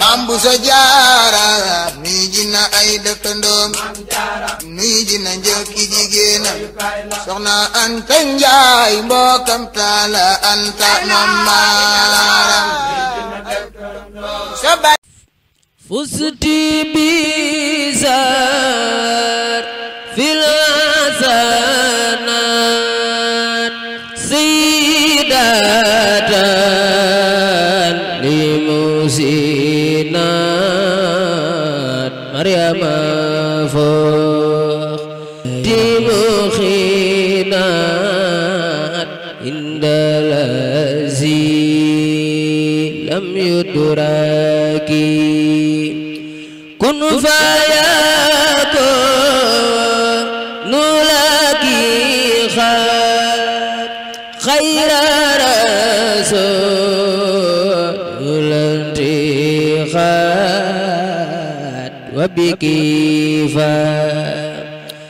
maam bu sa jaara nuy ji na ay dëkkandoom nuy ji na njëkki jigéenam soxna fusti bisaar fil asanaat siidaataan li musi مريم فوق دموخنا عند الذي لم يدرك كن فيكون لك خير رسول انتخاب وبك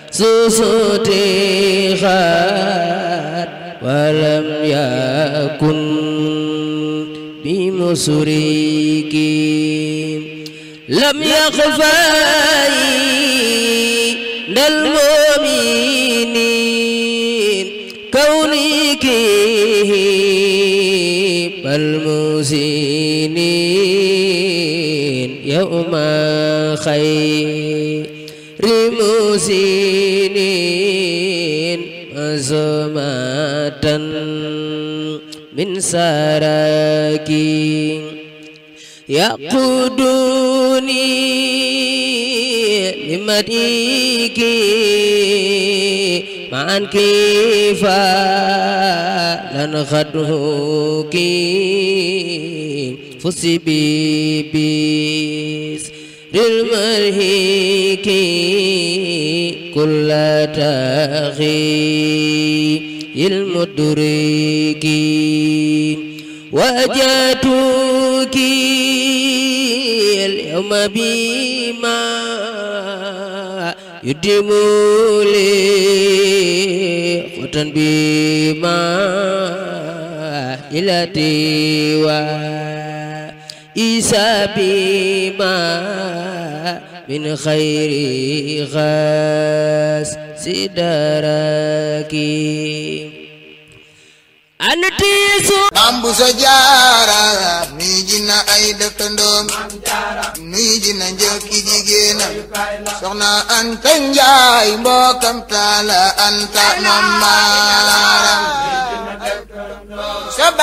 فسوسوتي خاد ولم يكن بمسريك لم يخفاي للمؤمنين كونك بالمسنين يوم خير مسنين مزمة من سركي يقودني لمديكي maan kiifa lan xadhuki fusi bibis rilmarhiki kulla taxi ilmudriki wajatuki alyawma bima يديم لي فتن بما إلى ديوا إيسى بما من خير غاس سداركي ana tiisu bambu sa jaara nuy na ay dëkkandoom nuy ji na njëkki jigéenam soxna anta njaay